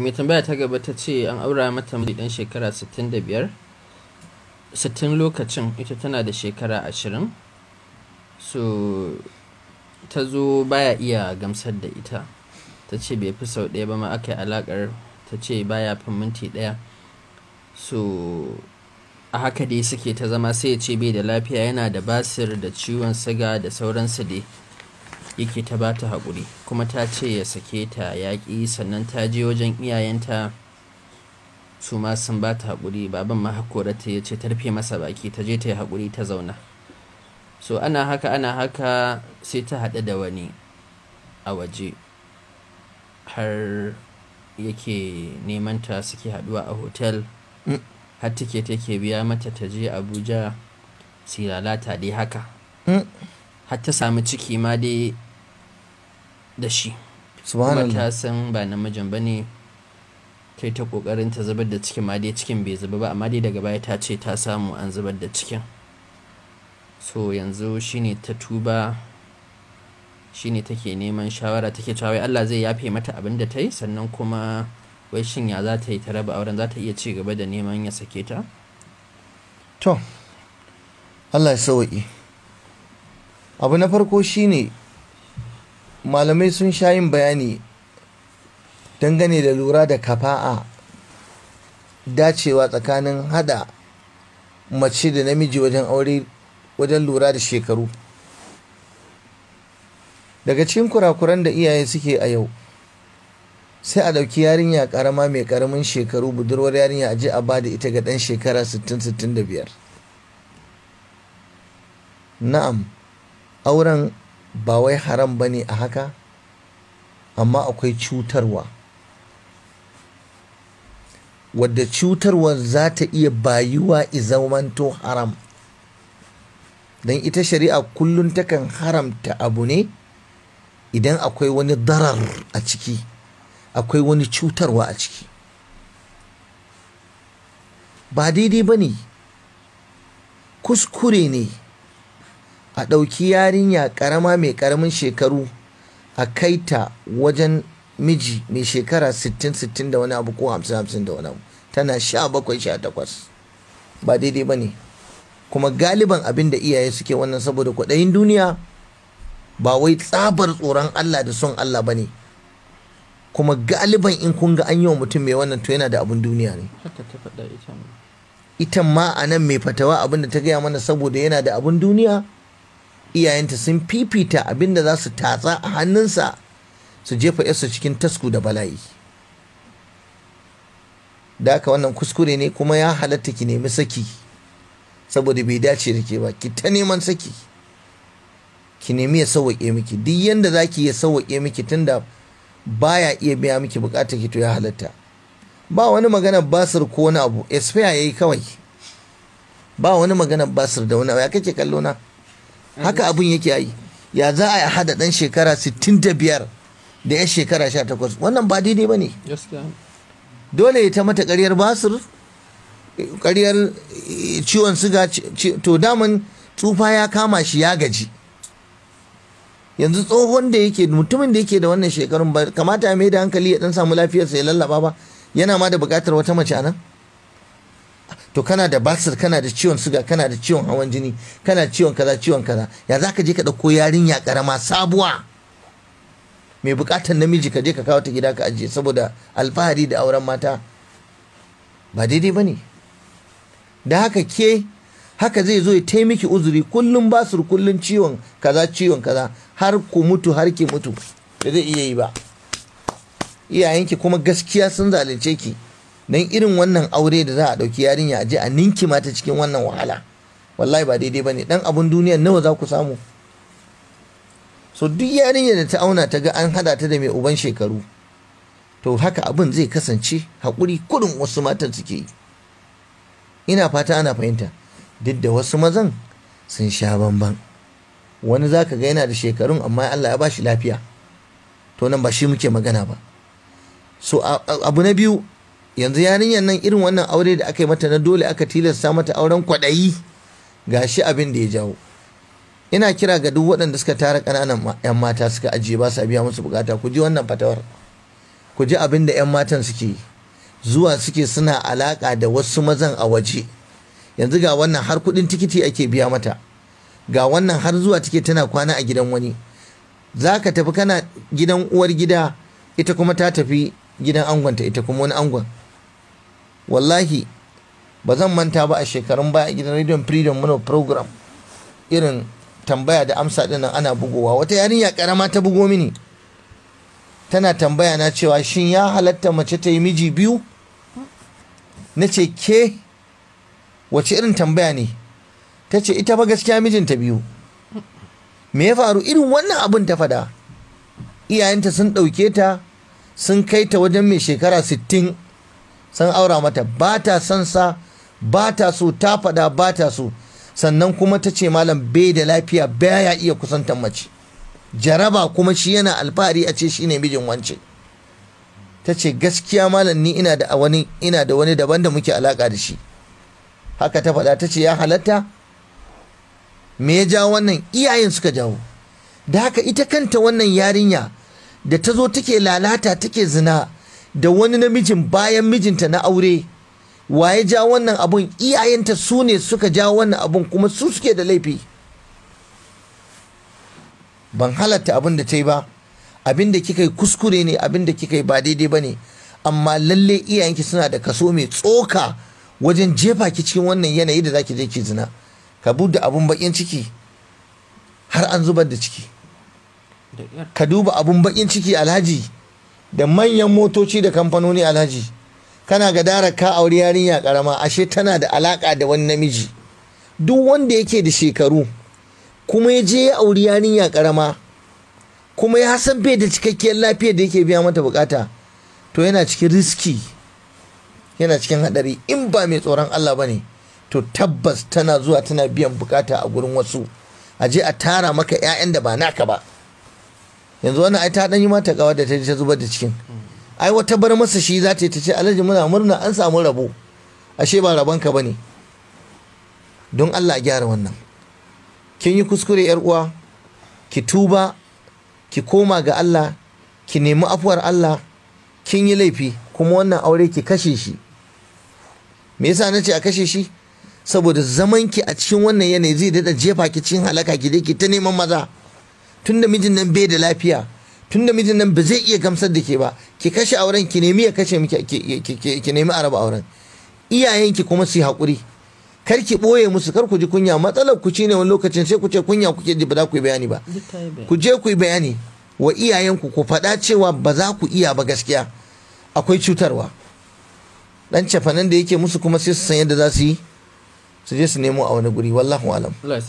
mai tambaya ta gaba ta ce an aura mata miji dan shekara 65 60 lokacin ita tana da shekara 20 so ta zo baya iya gamsar da ita ta ce bai fi sau ɗaya ba ma aka yi alaƙar ta ce baya fin minti ɗaya so a haka dai suke ta zama sai ya ce bai da lafiya yana da basir da ciwon siga da sauransu dai yake ta ba ta haƙuri kuma ta ce ya sake ta yaƙi sannan ta je wajen iyayenta su ma sun ba ta haƙuri baban ma hakorata ya ce tarfe masa baki ta je ta yi haƙuri ta zauna so ana haka ana haka sai ta haɗu da wani a waje har yake neman ta suke haɗuwa a hotel har tiket yake biya mata ta je abuja ta dai haka har ta samu ciki ma dai da shi kuma ta san ba namijin ba ne ta ta kokarin ta zubar da cikin ma dai cikin bai zuba ba amma dai daga baya ta ce ta samu an zubar da cikin so yanzu shine ta tuba shine take neman shawara take cewa Allah zai yafe mata abin da ta yi sannan kuma wai shin ya za ta yi ta raba auren za ta iya ci gaba da neman ya sake ta to Allah ya sauki abu na farko shine malamai sun sha yin bayani dangane da lura da kafa'a dacewa tsakanin hada mace da namiji wajen aure wajen lura da shekaru daga cikin kurakuran da iyaye suke a yau sai a ɗauki yarinya ƙarama mai ƙaramin shekaru budurwar yarinya a je a ba da ita ga ɗan shekara 60-65 na'am auren ba wai haram ba ne a haka amma akwai cutarwa wadda cutarwar za ta iya bayuwa izamanto haram don ita shari'a kullum takan haramta abu ne idan akwai wani darar a ciki akwai wani cutarwa a ciki ba daidai ba ne kuskure ne a ɗauki yarinya ƙarama mai ƙaramin shekaru a kai ta wajen miji mai shekara 60-60 da wani abu ko 50-50 da wani abu tana 17-18 ba daidai ba ne kuma galiban abin da iyaye suke wannan saboda kwaɗayin duniya ba wai tsabar tsoron Allah da son Allah ba ne kuma galiban in kun ga an yi wa mutum mai wannan to yana da abin duniya ne ita ma a nan mai fatawa abin da ta gaya mana saboda yana da abin duniya iyayenta sun fifita abin da za su tatsa a hannunsa su jefa yarsa cikin tasku da bala'i da haka wannan kuskure ne kuma ya halatta ki nemi saki saboda bai dace da ke ba ki ta neman saki ki nemi ya sauwaƙe miki duk yanda za ki ya sauwaƙe miki tunda baya iya biya miki buƙatar ki to ya halatta ba wani magana basir ko wani abu ya yayi kawai ba wani magana basir da wani abu ya kake kallo na haka abin yake ayi ya za a hada dan shekara 65 da ya shekara 18 wannan ba daidai ba ne dole ta mata karyar basir karyar eh, ciwon siga to daman tsufa ya kama shi ya gaji yanzu tsohon da yake mutumin da yake da wannan shekarun ba kamata ya mai da hankali ya dan samu lafiyarsa ya lallaba ba yana ma da bukatar wata mace anan to kana da basir kana da ciwon suga kana da ciwon hawan jini kana ciwon kaza ciwon kaza ya za ka je ka ɗauko yarinya ƙarama sabuwa mai buƙatar namiji ka je ka kawo ta gida ka ajiye saboda alfahari da auren mata ba daidai ba ne da haka ke haka zai zo ya taimaki uzuri kullum basir kullum ciwon kaza ciwon kaza har ku mutu har ki mutu da zai iya yi ba iyayenki kuma gaskiya sun zalunce ki dan irin wannan aure da za a ɗauki yarinya a je a ninki mata cikin wannan wahala wallahi ba daidai ba ne dan abun duniya nawa za ku samu so duk yarinya da ta auna ta ga an hada ta da mai uban shekaru to haka abin zai kasance haƙuri kudin wasu matan suke yi ina fata ana fahimta duk da wasu mazan sun sha bamban wani za ka ga yana da shekarun amma Allah ya ba shi lafiya to nan ba shi muke magana ba so abu na biyu yanzu yarinyar nan irin wannan aure da aka yi mata na dole aka tilasta mata auren kwaɗayi ga shi abin da ya jawo ina kira ga duk waɗanda suka tara ƙananan 'yan mata suka ajiye ba su biya musu bukata ku ji wannan fatawar ku ji abin da 'yan matan suke zuwa suke suna alaƙa da wasu mazan a waje yanzu ga wannan har kuɗin tikiti ake biya mata ga wannan har zuwa take tana kwana a gidan wani za ka tafi kana gidan uwar gida ita kuma ta tafi gidan angonta ita kuma wani angon wallahi ba zan manta ba a shekarun baya a gidan radio freedom muna program irin tambaya da amsa dinnan ana bugowa wata yarinya karama ta bugo mini tana tambaya na cewa shin ya halatta mace ta yi miji biyu na ce ke wace irin tambaya ne ta ce ita ba gaskiya mijinta biyu me ya faru irin wannan abin ta fada iyayenta sun ɗauke ta sun kai ta wajen mai shekara sittin san aura mata ba ta san sa ba ta so ta faɗa ba ta so sannan kuma ta ce malam bai da lafiya baya iya kusantar mace jaraba kuma shi yana alfahari a ce shi ne mijin wance ta ce gaskiya malam ni ina da wani ina da wani daban da muke alaka da shi haka ta faɗa ta ce ya halatta me ya jawo wannan iyayen suka jawo da haka ita kanta wannan yarinya da ta zo take lalata take zina da wani namijin bayan mijinta na aure Wa ya ja wannan abun iyayenta su ne suka ja wannan abun kuma su suke da laifi ban halatta abin da ta yi ba abin da kika yi kuskure ne abin da kika yi ba daidai ba ne amma lalle iyayenki suna da kaso mai tsoka wajen jefa ki cikin wannan yanayi da zaki je ki zina ka buɗe abun bakin ciki har an zubar da ciki ka duba abun bakin ciki alhaji da manyan motoci da kamfanoni alhaji kana gadara ka auri yarinya karama ashe tana da alaka da wani namiji duk wanda yake da shekaru kuma ya je ya auri yarinya karama kuma ya san bai da cikakkiyar lafiyar da yake biya mata bukata to yana cikin riski yana cikin hadari in ba mai tsoron Allah bane to tabbas tana zuwa tana biyan bukata a gurin wasu a je a tara maka 'ya'yan da ba naka ba yanzu wannan ai ta danyi mata kawa da ta ta zubar da cikin ai wata bar masa shi za ta yi ta ce alhaji muna murna an samu rabo ashe ba rabon ka bane don Allah gyara wannan kin yi kuskure yar uwa ki tuba ki koma ga Allah ki nemi afuwar Allah kin yi laifi kuma wannan aure ki kashe shi me yasa na ce a kashe shi saboda zaman ki a cikin wannan yanayi zai dada jefa ki cikin halaka ki dai ki ta neman maza tun da mijin nan bai da lafiya tun da mijin nan ba zai iya gamsar da ke ba ki kashe auren ki nemi ya kashe ki nemi araba auren iyayenki kuma su yi haƙuri kar ki ɓoye musu kar ku ji kunya matsalar ku ne wani lokacin sai ku ce kunya kuke ji ba za ku yi bayani ba ku je ku yi bayani wa iyayenku ku faɗa cewa ba za ku iya ba gaskiya akwai cutarwa dan cefanen da yake musu kuma sai su san yadda za su yi su je su nemo a wani guri wallahu alam